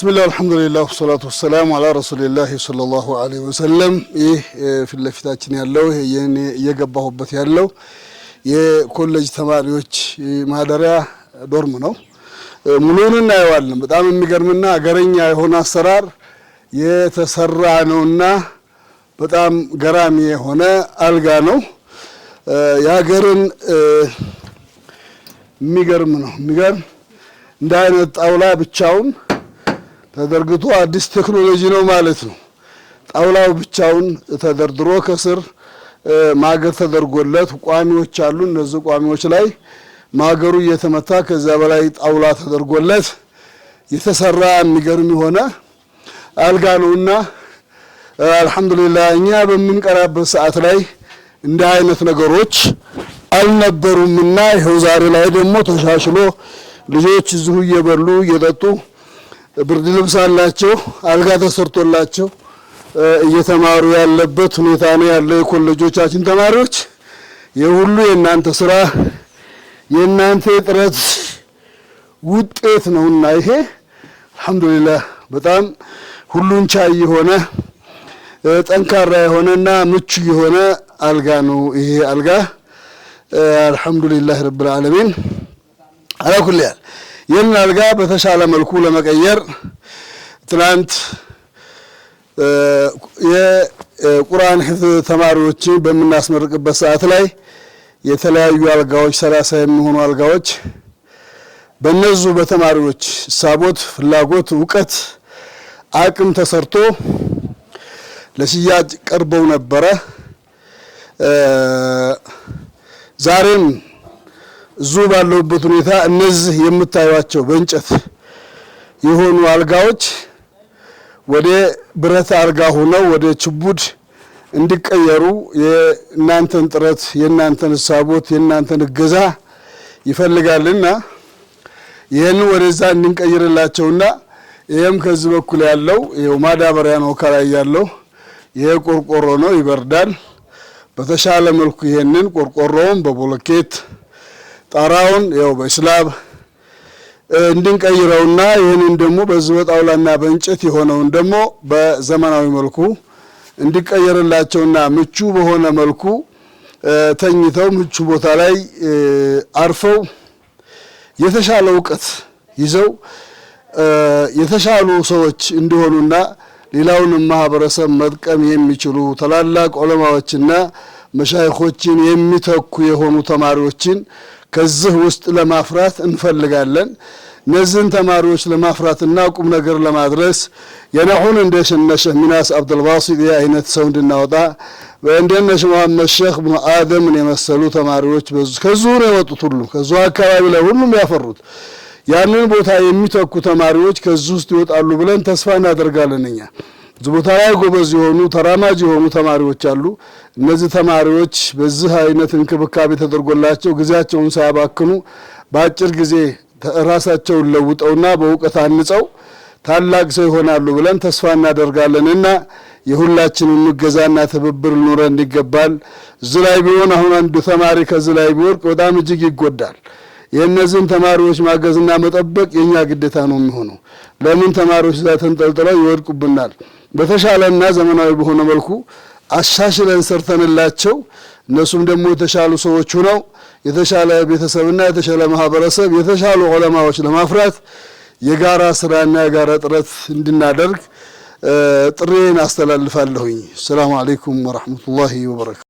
ብስሚላህ አልሐምዱሊላህ ወሰላቱ ወሰላም አላ ረሱሊላህ ሰለላሁ ዐለይሂ ወሰለም። ይህ eh, ፊት ለፊታችን ያለው እየገባሁበት ያለው የኮሌጅ ተማሪዎች eh, ማደሪያ ዶርም ነው። eh, ሙሉውን እናየዋለን። በጣም የሚገርምና አገረኛ የሆነ አሰራር የተሰራ ነውና በጣም ገራሚ የሆነ አልጋ ነው። የሀገርን የሚገርም ነው የሚገርም እንደ አይነት ጣውላ ብቻውን ተዘርግቶ አዲስ ቴክኖሎጂ ነው ማለት ነው። ጣውላው ብቻውን ተደርድሮ ከስር ማገር ተደርጎለት ቋሚዎች አሉ። እነዚህ ቋሚዎች ላይ ማገሩ እየተመታ ከዚያ በላይ ጣውላ ተደርጎለት የተሰራ የሚገርም የሆነ አልጋ ነውና አልሐምዱሊላህ እኛ በምንቀራበት ሰዓት ላይ እንዲህ አይነት ነገሮች አልነበሩምና ይኸው ዛሬ ላይ ደግሞ ተሻሽሎ ልጆች እዚሁ እየበሉ እየጠጡ ብርድ ልብስ አላቸው፣ አልጋ ተሰርቶላቸው እየተማሩ ያለበት ሁኔታ ነው ያለው። የኮሌጆቻችን ተማሪዎች የሁሉ የእናንተ ስራ የእናንተ ጥረት ውጤት ነውና ይሄ አልሐምዱሊላህ በጣም ሁሉን ቻይ የሆነ ጠንካራ የሆነና ምቹ የሆነ አልጋ ነው ይሄ አልጋ። አልሐምዱሊላህ ረብል ዓለሚን አላኩል ይህንን አልጋ በተሻለ መልኩ ለመቀየር ትናንት የቁርአን ህፍ ተማሪዎችን በምናስመርቅበት ሰዓት ላይ የተለያዩ አልጋዎች ሰላሳ የሚሆኑ አልጋዎች በእነዙ በተማሪዎች ሳቦት፣ ፍላጎት፣ እውቀት፣ አቅም ተሰርቶ ለሽያጭ ቀርበው ነበረ። ዛሬም እዙ ባለሁበት ሁኔታ እነዚህ የምታዩቸው በእንጨት የሆኑ አልጋዎች ወደ ብረት አልጋ ሆነው ወደ ችቡድ እንዲቀየሩ የእናንተን ጥረት የእናንተን ሳቦት የእናንተን እገዛ ይፈልጋልና ይህን ወደዛ እንድንቀይርላቸውና ይህም ከዚህ በኩል ያለው ይኸው ማዳበሪያ ነው። ከላይ ያለው ይሄ ቆርቆሮ ነው፣ ይበርዳል። በተሻለ መልኩ ይህንን ቆርቆሮውን በቦሎኬት ጣራውን ያው በስላብ እንድንቀይረውና ይህንን ደግሞ በዚህ በጣውላና በእንጨት የሆነውን ደግሞ በዘመናዊ መልኩ እንዲቀየርላቸውና ምቹ በሆነ መልኩ ተኝተው ምቹ ቦታ ላይ አርፈው የተሻለ እውቀት ይዘው የተሻሉ ሰዎች እንዲሆኑና ሌላውንም ማህበረሰብ መጥቀም የሚችሉ ታላላቅ ዑለማዎችና መሻይኮችን የሚተኩ የሆኑ ተማሪዎችን ከዚህ ውስጥ ለማፍራት እንፈልጋለን። እነዚህን ተማሪዎች ለማፍራትና ቁም ነገር ለማድረስ የነሑን እንደሽነ ሼህ ሚናስ አብዱልባሲጥ የአይነት ሰው እንድናወጣ እንደነ መሐመድ መሐመድ ሼህ አደምን የመሰሉ ተማሪዎች ከዙር ነው የወጡት። ሁሉ ከዚሁ አካባቢ ላይ ሁሉም ያፈሩት ያንን ቦታ የሚተኩ ተማሪዎች ከዚህ ውስጥ ይወጣሉ ብለን ተስፋ እናደርጋለን እኛ እዚህ ቦታ ላይ ጎበዝ የሆኑ ተራማጅ የሆኑ ተማሪዎች አሉ። እነዚህ ተማሪዎች በዚህ አይነት እንክብካቤ ተደርጎላቸው ጊዜያቸውን ሳያባክኑ በአጭር ጊዜ ራሳቸውን ለውጠውና በእውቀት አንጸው ታላቅ ሰው ይሆናሉ ብለን ተስፋ እናደርጋለን እና የሁላችንም እገዛና ትብብር ሊኖረን ይገባል። እዚህ ላይ ቢሆን አሁን አንዱ ተማሪ ከዚህ ላይ ቢወድቅ በጣም እጅግ ይጎዳል። የእነዚህን ተማሪዎች ማገዝና መጠበቅ የእኛ ግዴታ ነው የሚሆነው። ለምን ተማሪዎች እዛ ተንጠልጥለው ይወድቁብናል። በተሻለና ዘመናዊ በሆነ መልኩ አሻሽለን ሰርተንላቸው እነሱም ደግሞ የተሻሉ ሰዎች ሆነው የተሻለ ቤተሰብና የተሻለ ማህበረሰብ የተሻሉ ዑለማዎች ለማፍራት የጋራ ስራና የጋራ ጥረት እንድናደርግ ጥሬን አስተላልፋለሁኝ። ሰላሙ አለይኩም ወረሕመቱላሂ ወበረካቱ።